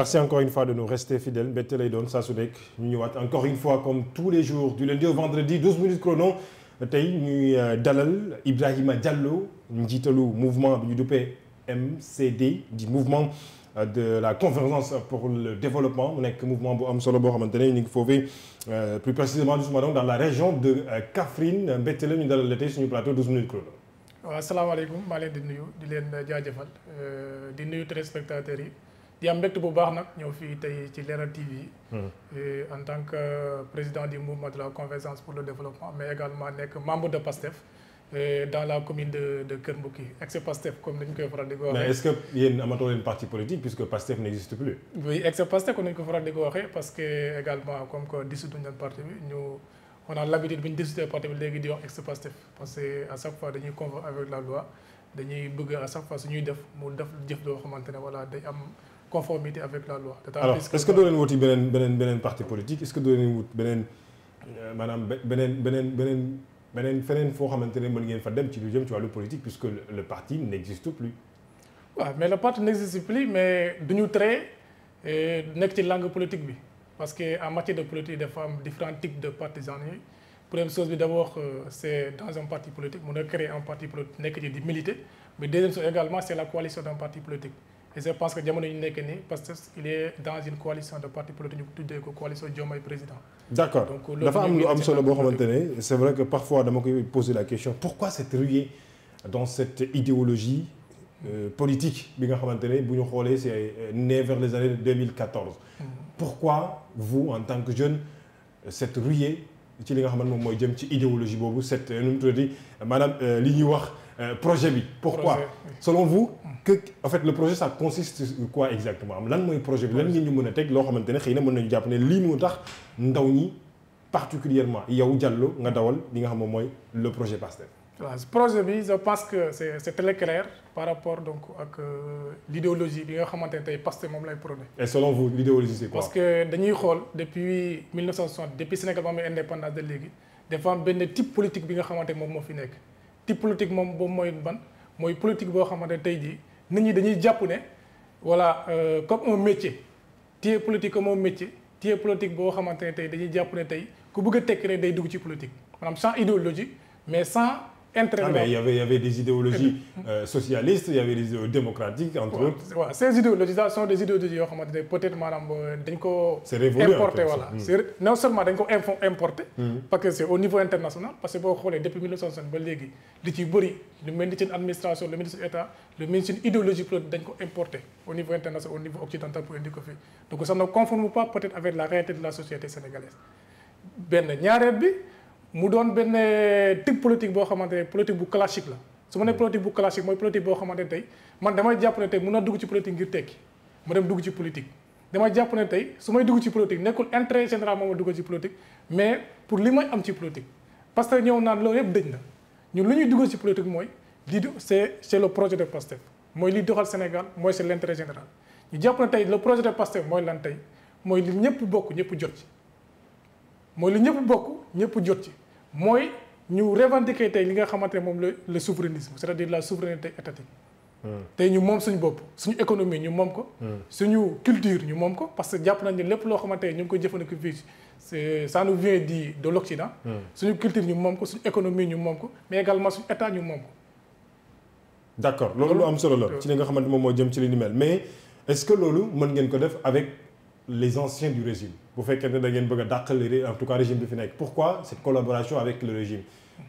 merci encore une fois de nous rester fidèles mbette lay doon saa su nekk ñu ñëwaat encore une fois comme tous les jours du lundi au vendredi 12 minutes chrono tey ñuy euh, dalal Ibrahima Diallo njiitalu mouvement bi ñu duppee MCD di mouvement euh, de la conférence pour le développement mu nekk mouvement bu am solo boo xamante ne ñu ngi foofee euh, donc dans la région de Kaffrine mbette la dalal la tey suñu plateau 12 minutes chrono. waaw asalaamaaleykum yi. di am bu baax nag ñëw fii tey ci Leral TV. Hmm. Eh, en tant que euh, président du mouvement de la convergence pour le développement mais également nekk membre de PASTEF. Eh, dans commune de Kër Mbouki ex-Pastef comme dañ koy faral di ko waxee. mais est-ce que yéen amatoo leen parti politique puisque parce que également comme que dissoudre nañ parti bi ñu on a bi ñu dissoudre parti bi léegi di wax ex-Pastef parce que à chaque fois dañuy conforme avec la loi dañuy bëgg à chaque fois su ñuy def mu def jëf xamante ne voilà day conformité avec la loi. alors est-ce que doo leen beneen beneen beneen parti politique est-ce que doo wut beneen euh, maanaam beneen beneen beneen feneen foo xamante ne mën ngeen fa dem ci lu jëm ci wàllu politique puisque le parti n'existe plus. waaw mais le parti n'existe plus mais duñu traité nekk ci langue politique bi parce que en matière de politique dafa am différents types de partisans yi première chose bi d'abord euh, c'est dans un parti politique mun a créer un parti et je que jamono ñu nekk nii parce que il est dans une coalition de partis politiques ñu tuddee ko coalition Diomaye président. d' accord dafa am lu am solo boo xamante ne c' que parfois dama koy poser la question pourquoi cette ruée dans cette idéologie euh, politique bi nga xamante ne bu ñu xoolee c' est euh, né vers les années 2014. Hmm. pourquoi vous en tant que jeune cette ruée ci li nga xamante moom mooy jëm ci idéologie boobu cette euh, nu mu tuddati maanaam li ñuy wax. Euh, projet bi. pourquoi selon vous hmm. que en fait le projet ça consiste quoi exactement am lan mooy projet bi lan ngeen ñu mën a teg loo jàpp ne lii moo tax ndaw ñi particulièrement yow Diallo nga dawal moom mooy euh, bi nga xamante ne moom lay prôné. et selon vous l'idéologie c'est quoi. parce que dañuy xool depuis Sénégal ba muy indépendance de léegi dafa benn type politique bi nga xamante moom moo fi nekk. ti politique moom boobu mooy ban mooy politique boo xamante tey jii nit ñi dañuy jàpp ne voilà euh, comme un métier téye politique comme un métier téye politique boo xamante ne tey dañuy jàpp ne tey ku bëgg a tekki rek day dugg ci politique maanaam sans idéologie mais sans entraînement ah mais il y avait il y avait des idéologies euh, socialistes il y avait des idéologies démocratiques entre ouais, autres. waaw ouais. ces idéologies là sont des idéologies yoo xamante ne peut-être euh, dañ ko importé voilà mm. c'est non dañ ko importé mm. parce que c'est au niveau international parce que boo xoolee depuis 1960 ba léegi li ci bëri lu dañ ko importé au ko fii donc conforme pas peut-être avec la réalité de la société sénégalaise benn ñaareel bi mu doon benn type politique boo xamante ne politique bu classique la su ma nee politique bu classique mooy politique boo xamante ne tey man damay jàpp ne tey mun naa dugg ci politique ngir tekki ma dem dugg ci politique. damay jàpp ne tey su may dugg ci politique nekkul intérêt général moom ma dugg ci politique mais pour li may am ci politique. parce que ñëw naan loolu yëpp dëj na ñun lu ñuy dugg ci politique mooy lii c'est c'est le projet de PASTEF mooy li doxal Sénégal mooy c'est l'intérêt général jàpp ne tey le projet de PASTEF mooy lan tey mooy li ñëpp bokk ñëpp jot ci mooy li ñëpp bokk ñëpp jot ci. mooy ñu revendiquer tey li nga xamante ne moom la le souverainisme c'est-à-dire la souveraineté étatique. Hmm. tey ñu moom suñ bopp suñu économie ñu moom ko. Hmm. suñu culture ñu moom ko parce que jàpp nañ ne lépp loo xamante ne ñu ngi koy jëfandikoo fii c'est ça nous hmm. suñu culture ñu moom ko suñu économie ñu moom ko mais également suñu état ñu moom ko. d'accord loolu lu am solo la ci li nga xamante moom moo jëm ci li ni mel mais est-ce que loolu mën ngeen ko def avec. les anciens du régime bu fekkee ne a dàqal en tout cas régime bi fi pourquoi cette collaboration avec le régime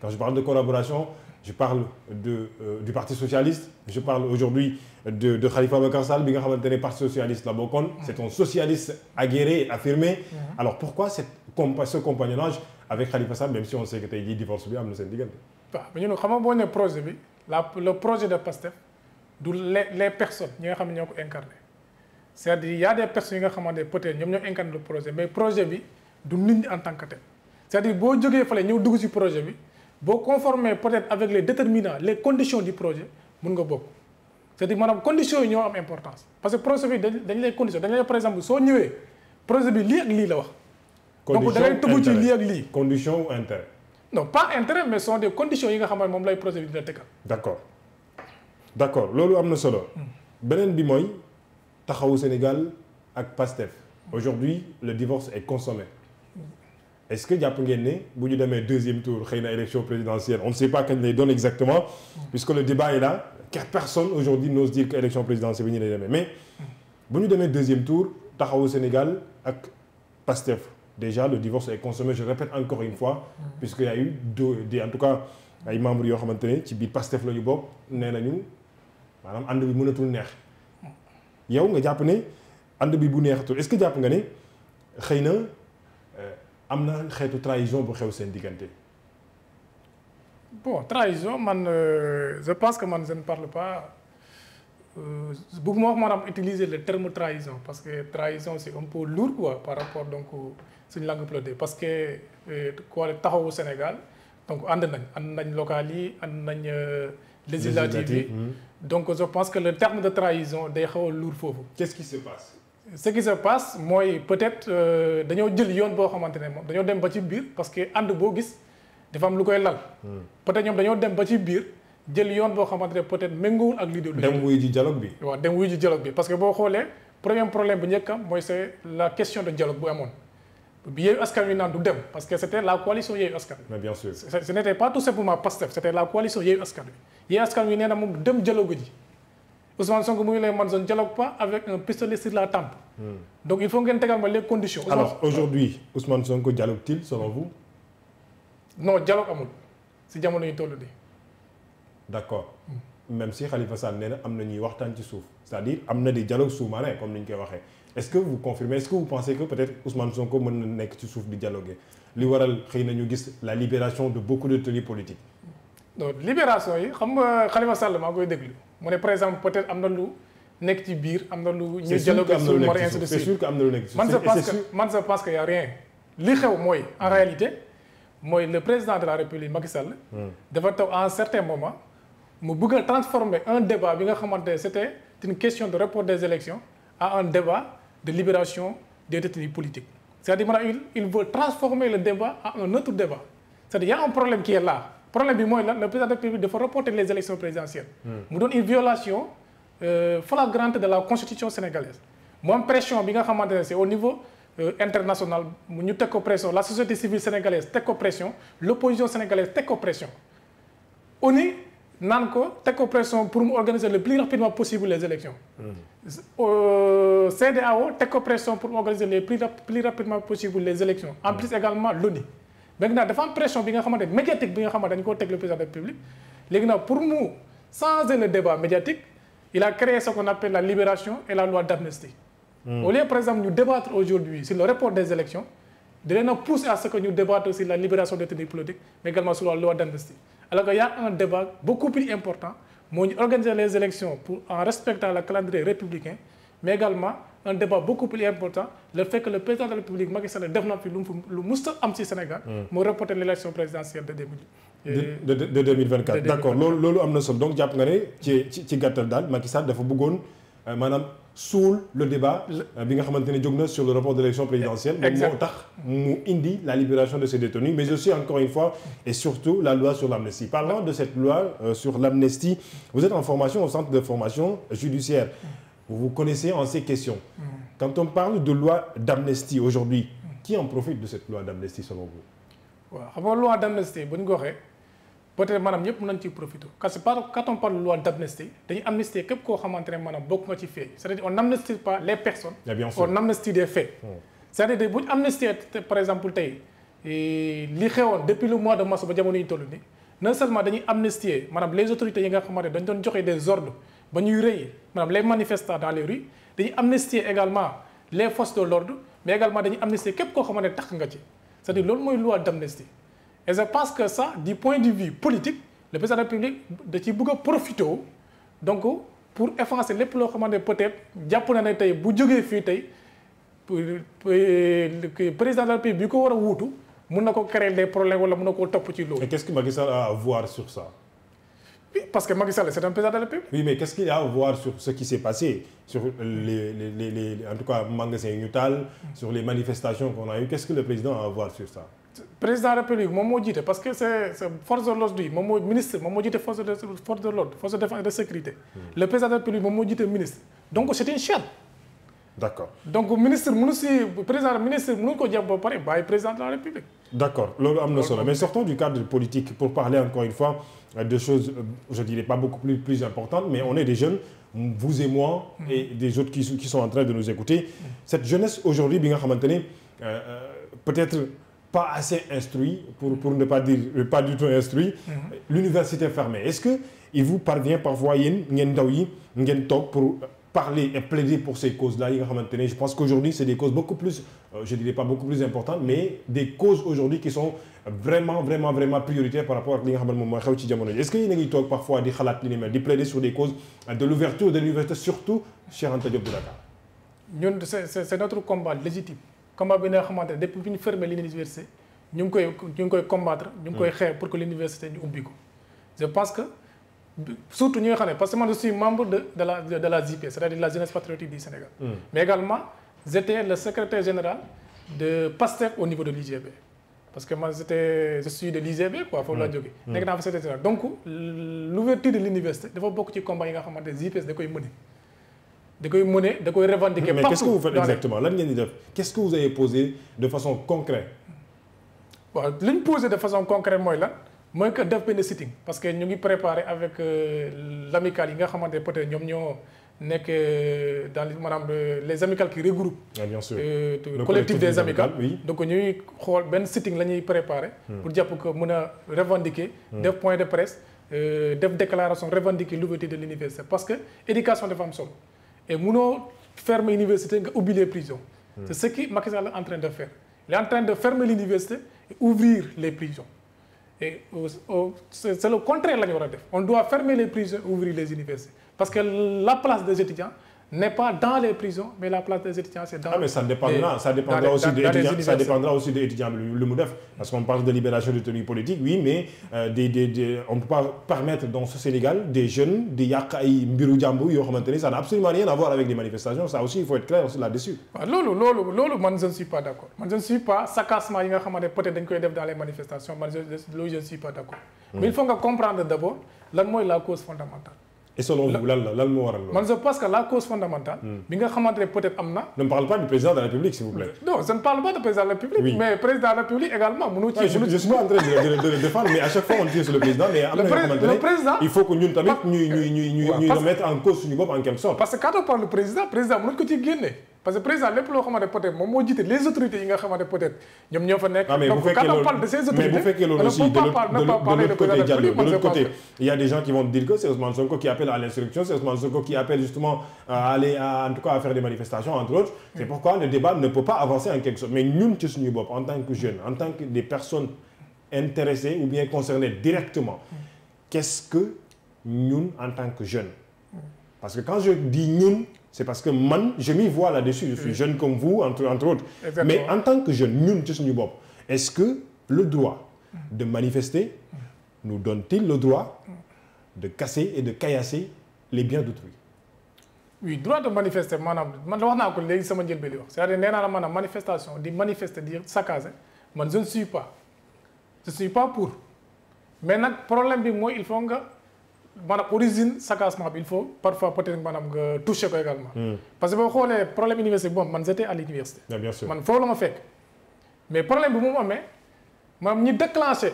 quand je parle de collaboration je parle euh, du parti socialiste je parle aujourd'hui de Khalifa Ababacar Sall bi nga parti socialiste la bokkoon mm-hmm. c'est un socialiste aguerri et affirmé mm-hmm. pourquoi ce compagnonnage avec Khalifa Sall même si on sait que divorce bi am na seen la le projet de PASTEF du les incarné c'est-à-dire y a des personnes yi nga xamante ne peut-être ñoom ñoo incarné le projet mais projet bi du nit ñi en tant que tel c'est-à-dire boo jógee fale ñëw dugg ci projet bi boo conformer peut-être avec les déterminants les conditions du projet mun nga bokk c'est-à-dire maanaam conditions yi ñoo am importance parce que projet bi dañ lay condition dañ lay par exemple soo ñëwee projet bi lii ak lii la wax donc da ngay tëggu ci lii ak lii condition ou intérêt non pas intérêt mais sont des conditions yi nga xam moom lay projet bi dina tëkkal d'accord loolu am na solo hmm. beneen bi mooy taxawu Sénégal ak PASTEF aujourd'hui le divorce est consommé est-ce que jàpp ngeen ne bu ñu demee deuxième tour xëy na élection présidentielle on ne sait pas kañ lay doon exactement puisque le débat est là car personne aujourd'hui n'ose dire que élection présidentielle bi ñu lay demee mais bu ñu demee deuxième tour taxawu Sénégal ak PASTEF déjà le divorce est consommé je répète encore une fois puisque y eu deux des en tout cas ay membre yoo xamante ne ci biir PASTEF la ñu bokk nee nañu maanaam ànd bi mënatul neex yow nga jàpp ne ànd bi bu neexatul est-ce que jàpp nga ne xëy na euh, am na xeetu trahison bu xew seen diggante. bon trahison man euh, je pense que man je ne parle pas euh, bëgguma wax maanaam utiliser le terme trahison parce que trahison c'est un pour lourd quoi par rapport donc suñu langue plodée parce que ku taxawu Sénégal donc ànd nañ ànd nañ local yi ànd nañ. législative yi hmm. donc je pense que le terme de trahison day xaw a lourd foofu. qu'est-ce qui se passe. mooy peut-être euh, dañoo jël yoon boo xamante ne moom dañoo dem ba ci biir parce que ànd boo gis dafa am lu koy lal. Hmm. peut ñoom dañoo dem ba ci biir jël yoon boo xamante ne peut-être méngoowul ak l'idéologie. dem wuyu ji dialogue bi. waaw dem wuyu ji dialogue bi parce que boo xoolee premier problème bu njëkk am mooy c'est la question de dialogue bu amoon. bi Yewwi Askan Wi naan du dem parce que c' était la coalition Yewwi Askan Wi bien sûr ce n' était pas tout simplement Pastef c' la coalition Yewwi Askan Wi Yewwi Askan Wi nee na moom dem dialogue ji Ousmane Sonko mu ngi lay man je ne dialogue pas avec un pistolet sur la tempe hmm. donc il faut ngeen tegal ma les conditions alors aujourd'hui Ousmane Sonko dialogue-t-il selon vous non dialogue amul si jamono yi toll nii d' même si Khalifa Sall nee na am na ñuy waxtaan ci suuf c'est-à-dire am na di dialogue sous-marin comme ni ñu koy waxee est-ce que vous confirmez est-ce que vous pensez que peut-être Ousmane Sonko mën na nekk ci suuf di dialoguer li waral xëy na ñu gis la libération de beaucoup de tenues politiques. libération yi xam nga Khalifa Sall maa koy déglu mu ne par exemple peut-être am na lu nekk ci biir am na lu. ñuy dialoguer na lu nekk ci suuf man je pense que rien li xew mooy en réalité mooy le président la République Macky Sall. Hmm. dafa taw à un certain mu bëgg a transformer un débat bi nga xamante ne c'était une question de report des élections à un débat de libération des détenus politiques c'est-à-dire maanaam il veut transformer le débat à un autre débat c'est-à-dire y a un problème qui est là problème bi mooy lan le président de la République dafa reporter les élections présidentielles hmm. mu doon une violation euh, flagrante de la constitution sénégalaise mu am pression bi nga xamante ne c'est au niveau euh, international mu ñu teg ko pression la société civile sénégalaise teg ko pression l'opposition sénégalaise teg ko naan ko teg ko pression pour mu organiser le plus rapidement possible les élections mm. euh, CEDEAO teg ko pression pour organiser le plus rapidement possible les élections en mm. plus également l'ONU léegi nag dafa am pression bi nga xamante médiatique bi nga xamante dañu koo teg le président de la République léegi nag mu changer le débat médiatique il a créé ce qu'on appelle la libération et la loi d'amnistie mm. au lieu par exemple ñu débattre aujourd'hui sur le report des élections a pousser à ce que alors qu'il y a un débat beaucoup plus important moo ñu organiser les élections pour en respectant la calendrier républicain mais également un débat beaucoup plus important le fait que le président de la République Macky Sall def na fi lu mu lu mës a am ci Sénégal. Hmm. mu reporter l' élection présidentielle de deux mille. Euh, de de de deux mille vingt quatre d' accord loolu loolu am na solo donc jàpp nga ne ci ci gàttal daal Macky Sall dafa bëggoon euh, maanaam. suul le débat euh, bi nga xamante sur le rapport de l'élection présidentielle moom moo tax mu la libération de ces détenus mais aussi encore une fois et surtout la loi sur l'amnistie parlant de cette loi euh, sur l'amnistie vous êtes en formation au centre de formation judiciaire vous vous connaissez en ces questions mm. quand on parle de loi d'amnistie aujourd'hui qui en profite de cette loi d'amnistie selon vous peut-être maanaam ñëpp nañ ci profité parce que par quand on parle dañuy amnistier képp koo xamante ne maanaam bokk nga ci fee c'est-à-dire on eh amnistie hmm. par exemple tey eh, li xewoon depuis le mois de mars ba jamono yi toll nii non seulement dañuy amnistier maanaam les autorités yi nga xamante ne dañ doon joxe des ordres ba ñuy rëy maanaam les manifestants dans les rues dañuy amnistier également les forces de l'ordre mais également dañuy amnistier képp koo xamante ne tax nga ci c'est-à-dire loolu mooy loi et je parce que ça du point de vue politique le président de la da ciy bëgg a profité donc pour effacer lépp loo xamante ne peut jàpp na ne tey bu jógee fii tey euh, président de la République bi ko war a wuutu mun na ko créer des problèmes wala mun na koo topp ci loolu. et qu'est-ce que a voir sur ça. Oui, parce que Macky c'est un président de République. mais qu'est-ce qu'il y a à voir sur ce qui s'est passé Sur les, manifestations qu'on a eues, qu'est-ce que le président a sur ça président la République, moom moo jiite parce que c'est force de l'ordre yi moom moo ministre moom moo jiite force de l'ordre de sécurité. Hmm. le président de la République moom moo jiite ministre. donc c'est une chaîne. d'accord donc ministre mënu si président ministre mënu ko jàpp D'accord, Mais sortons du cadre politique pour parler encore une fois euh, de choses, euh, je dirais pas beaucoup plus, plus importantes, mais on est des jeunes, vous et moi, mm. et des autres qui, qui sont en train de nous écouter. Mm. Cette jeunesse aujourd'hui, bien euh, euh, peut-être pas assez instruit, pour, pour ne pas dire pas du tout instruit, mm. l'université fermée. Est-ce que il vous parvient parfois, pour parler et plaider pour ces causes-là. Je pense qu'aujourd'hui, c'est des causes beaucoup plus, euh, je dirais pas beaucoup plus importantes, mais des causes aujourd'hui qui sont vraiment, vraiment, vraiment prioritaires par rapport à ce qui est Est-ce qu'il y a parfois des khalat, des plaider sur des causes de l'ouverture, de l'ouverture surtout chez Anta Diop de C'est notre combat légitime. surtout ñi nga xam ne parce que man je suis membre de de la de c'est-à-dire la jeunesse patriotique du Sénégal. Hmm. mais également j'étais le secrétaire général de PASTEF au niveau de l'IGB parce que man j'étais je suis de l'IGB quoi foofu laa hmm. jógee. Hmm. nekk naa fa secrétaire général donc l'ouverture de l'université dafa bokk ci combat yi nga xamante ne JP da koy mëne. da koy mëne da koy revendiquer. partout mais qu'est-ce que exactement lan ngeen di def qu'est-ce que vous avez posé de façon concrète. li posé de façon concrète mooy la mooy que def benn sitting parce que ñu ngi préparé avec euh, l'amicale yi nga xamante peut-être ñoom ñoo nekk euh, dans les maanaam euh, les amicales qui regroupent. Ah, bien sûr euh, le collectif des amicales oui. donc ñuy xool benn sitting la ñuy préparé. Hmm. pour jàpp ko mën a revendiquer. Hmm. def point de presse def déclaration revendiquer l'ouverture de l'université parce que éducation dafa am solo et munoo fermer université nga ubbi les prisons. Hmm. c'est ce que Macky Sall est en train de faire l'université ouvrir les prisons. et c'est le contraire la ñu war a def on doit fermer les prisons ouvrir les universités parce que la place des étudiants n'est pas dans les prisons mais la place des étudiants c'est dans. ah dépendra aussi des étudiants ça dépendra parce qu'on parle de libération des tenus politiques oui mais euh, des des peut pas permettre dans ce Sénégal des jeunes di yàq ay mbiru jàmbur yoo xamante ni ça n'a absolument rien à voir avec les manifestations ça aussi il faut être clair là-dessus. waaw loolu loolu man je suis pas d'accord man je hmm. il nga comprendre d'abord lan mooy et selon la lan moo waral loolu. man je pense la cause fondamentale. Hmm. bi nga xamante ne peut-être am ne parle pas du président de la République s'il vous plaît. non je ne parle pas du président de la République. mais président de la République également mënoo je suis pas de le défendre mais à chaque fois on tire sur le président. mais am na yoo xamante il faut que ñun tamit ñuy ñuy ñuy ñuy mettre en cause suñu bopp en quelque sorte. parce parce que président lépp loo xamante peut-être moom moo jiite les autorités yi nga xamante peut-être ñoom ñoo fa nekk. donc mais bu fekkee loolu aussi de l'autre côté de l'autre côté il y a des gens qui vont dire que c'est Ousmane Sonko qui appelle à l'insurrection c'est Ousmane Sonko qui appelle justement à aller à, faire des manifestations entre autres mm. c'est pourquoi le débat ne peut pas avancer en quelque sorte mais ñun ci suñu en tant que jeunes c'est parce que man je m'y vois là-dessus je suis mm. jeune comme vous entre autres mais en tant que jeune ñun ci suñu bopp est-ce que le droit mm. de manifester mm. nous donne-t-il le droit de casser et de caillasser les biens d'autrui oui droit de manifester maanaam man wax naa ko léegi sama njëlbeen li wax c'est-à-dire nee naa la maanaam manifestation di manifester di saccager man je ne suis pas je ne suis pas pour mais nag problème bi mooy il faut nga maanaam origine sagacement bi il faut parfois peut-être maanaam nga touché ko également. Hmm. parce que boo xoolee problème université bi moom man j'étais à l'université man foofu la ma fekk. mais problème bi mu amee maanaam ñi déclenché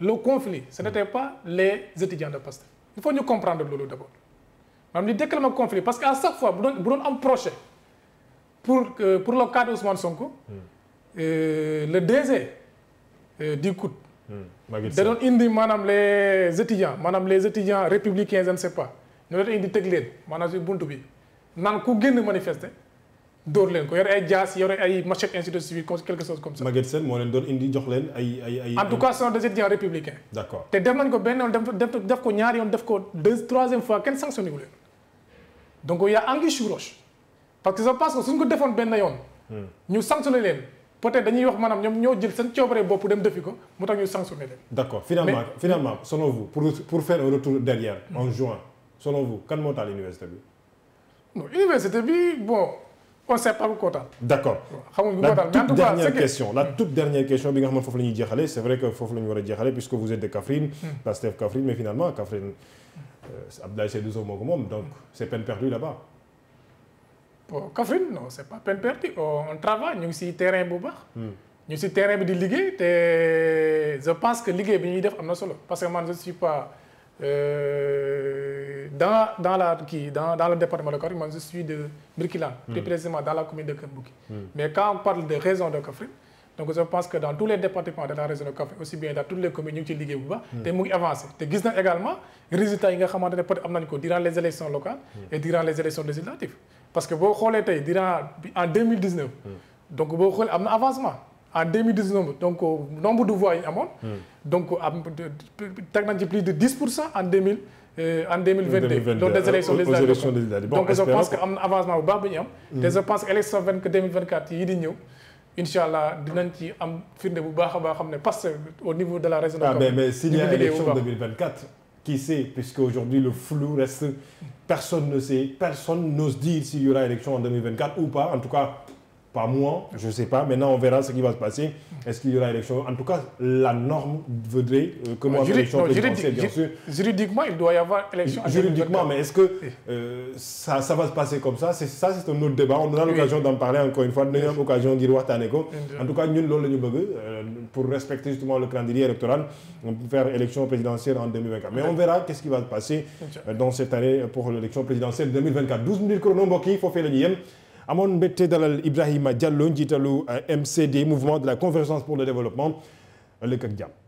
le conflit ce n'était pas les étudiants de Pastef il faut ñu comprendre loolu d'abord maanaam li déclenché conflit parce que à chaque fois bu doon bu doon am projet pour pour le cas d'Ousmane Sonko. Hmm. Euh, le DG euh, du COUD. Hmm. da doon indi maanaam les étudiants maanaam les étudiants républicains je ne pas ñoo leen indi teg leen maanaam si buntu bi naan ku génn manifester dóor leen ko yore ay jaas yore ay machette institut civil comme quelque chose comme ça. Maguette Sène moo leen doon indi jox leen ay ay ay. en tout cas ce sont des étudiants te def nañ ko benn yoon def ko ñaari yoon def ko deux troisième fois kenn sanctionné leen donc y a anguille parce que je pense que suñ ko defoon benn yoon. Hmm. ñu leen. peut-être dañuy wax maanaam ñoom ñoo jël seen coobare bopp dem defi ko mu tax ñu sanctionné d'accord finalement finalement selon vous pour pour faire retour derrière. en hmm. juin selon vous kan moo taal université bi. université bi bon on sait pas koo taal. d'accord xamuñ ko taal question la hmm. toute dernière question bi nga xam foofu la ñuy c'est vrai que foofu la war a jeexalee puisque vous êtes de Kaffrine. Hmm. Pastef Kaffrine mais finalement euh, bon Kaffrine non c'est pas peine perdue on travaille ñu ngi ci terrain bu baax. Hmm. ñu ci terrain bi di liggéey te je pense que liggéey bi ñuy def am na solo parce que man je suis pas euh, dans dans la kii dans dans le département de Kaffrine man je suis de Birkilane. Hmm. plus précisément dans la commune de Keur Bouki. Hmm. mais quand parle de raison de Kaffrine. donc je pense que dans tous les départements de la région de Kaffrine aussi bien dans toutes les communes ci liggéey bu baax hmm. te mu ngi avancé te gis na également résultats yi nga xamante ne peut am nañ ko durant les élections locales hmm. et durant les élections législatives parce que boo xoolee tey durant en 2019 hmm. donc boo xoolee am na avancement en 2019 donc euh, nombre de donc am pense que am na avancement bu baax bi ñu am te je pense que incha allah dinañ ci am firnde bu baax a baax xam ne Pastef au niveau de la région de ah, Kaolack. ah mais mais s'il y a élection 2024 qui sait puisque aujourd'hui le flou reste personne ne sait personne n'ose dire s'il y aura élection en 2024 ou pas en tout cas. pas moi, je ne sais pas. Maintenant, on verra ce qui va se passer. Est-ce qu'il y aura élection En tout cas, la norme voudrait euh, que moi, élection Juridiquement, il doit y avoir élection. Juridiquement, mais est-ce que euh, l'occasion oui. l'occasion d'y voir En tout cas, nous, nous euh, pour respecter le calendrier électoral, on euh, peut faire en Mais on verra qu'est-ce qui va se passer dans cette année pour l'élection présidentielle 2024. minutes chrono, il amoon mbégte dalal Ibrahima Diallo njiitalu euh, MCD mouvement de la convergence pour le développement ëllëg ak jàmm